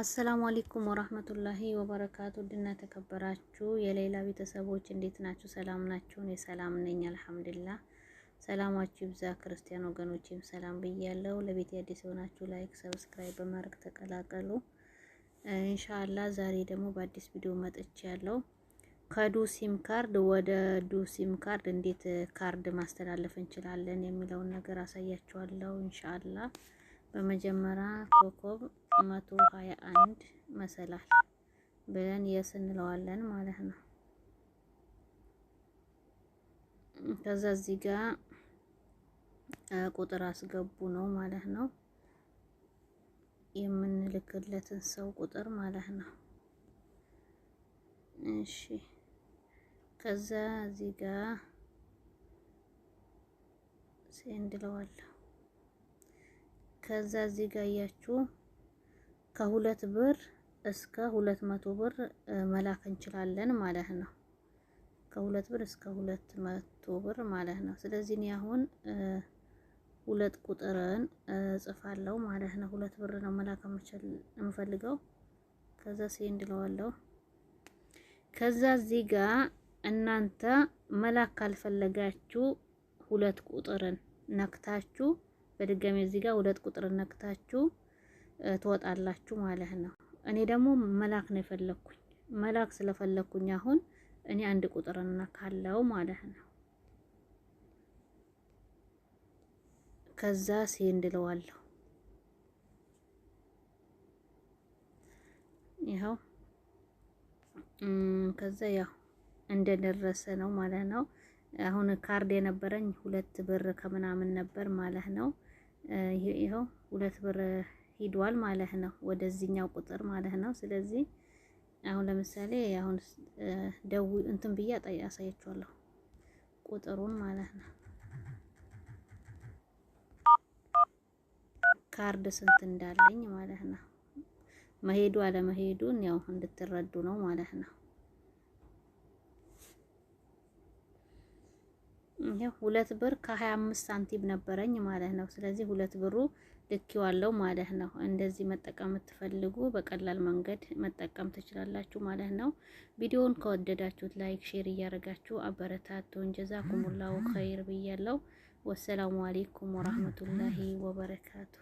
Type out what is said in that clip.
አሰላሙ አለይኩም ወራህመቱላሂ ወበረካቱ። ድና ተከበራችሁ የሌላ ቤተሰቦች እንዴት ናችሁ? ሰላም ናችሁ? እኔ ሰላም ነኝ አልሐምዱሊላህ። ሰላማችሁ ይብዛ። ክርስቲያን ወገኖችም ሰላም ብያለሁ። ለቤት አዲስ የሆናችሁ ላይክ፣ ሰብስክራይብ በማድረግ ተቀላቀሉ። ኢንሻአላህ ዛሬ ደግሞ በአዲስ ቪዲዮ መጥቻለሁ። ከዱ ሲም ካርድ ወደ ዱ ሲም ካርድ እንዴት ካርድ ማስተላለፍ እንችላለን የሚለውን ነገር አሳያችኋለሁ ኢንሻአላህ በመጀመሪያ ኮከብ 121 መሰላል ብለን የስ እንለዋለን ማለት ነው። ከዛ እዚህ ጋር ቁጥር አስገቡ ነው ማለት ነው፣ የምንልክለትን ሰው ቁጥር ማለት ነው። እሺ ከዛ እዚህ ጋር ሴንድለዋለሁ ከዛ እዚህ ጋር እያችሁ ከሁለት ብር እስከ ሁለት መቶ ብር መላክ እንችላለን ማለት ነው። ከሁለት ብር እስከ ሁለት መቶ ብር ማለት ነው። ስለዚህ እኔ አሁን ሁለት ቁጥርን እጽፋለሁ ማለት ነው። ሁለት ብር ነው መላክ የምፈልገው። ከዛ ሴንድ ለዋለሁ። ከዛ እዚህ ጋር እናንተ መላክ ካልፈለጋችሁ ሁለት ቁጥርን ነክታችሁ በድጋሚ እዚህ ጋር ሁለት ቁጥር ነክታችሁ ትወጣላችሁ ማለት ነው። እኔ ደግሞ መላክ ነው የፈለኩኝ። መላክ ስለፈለኩኝ አሁን እኔ አንድ ቁጥር እነካለው ማለት ነው። ከዛ ሴንድ እለዋለሁ። ይኸው ከዛ ያው እንደደረሰ ነው ማለት ነው። አሁን ካርድ የነበረኝ ሁለት ብር ከምናምን ነበር ማለት ነው። ይኸው ሁለት ብር ሂዷል ማለት ነው፣ ወደዚህኛው ቁጥር ማለት ነው። ስለዚህ አሁን ለምሳሌ አሁን ደው እንትን ብዬ አሳያችኋለሁ ቁጥሩን ማለት ነው። ካርድ ስንት እንዳለኝ ማለት ነው። መሄዱ አለመሄዱን ያው እንድትረዱ ነው ማለት ነው። ይሄ ሁለት ብር ከ25 ሳንቲም ነበረኝ ማለት ነው። ስለዚህ ሁለት ብሩ ልኬዋለሁ ማለት ነው። እንደዚህ መጠቀም የምትፈልጉ በቀላል መንገድ መጠቀም ትችላላችሁ ማለት ነው። ቪዲዮውን ከወደዳችሁት ላይክ፣ ሼር እያደረጋችሁ አበረታቱን። ጀዛኩሙላሁ ኸይር ብያለው። ወሰላሙ አሌይኩም ወራህመቱላሂ ወበረካቱ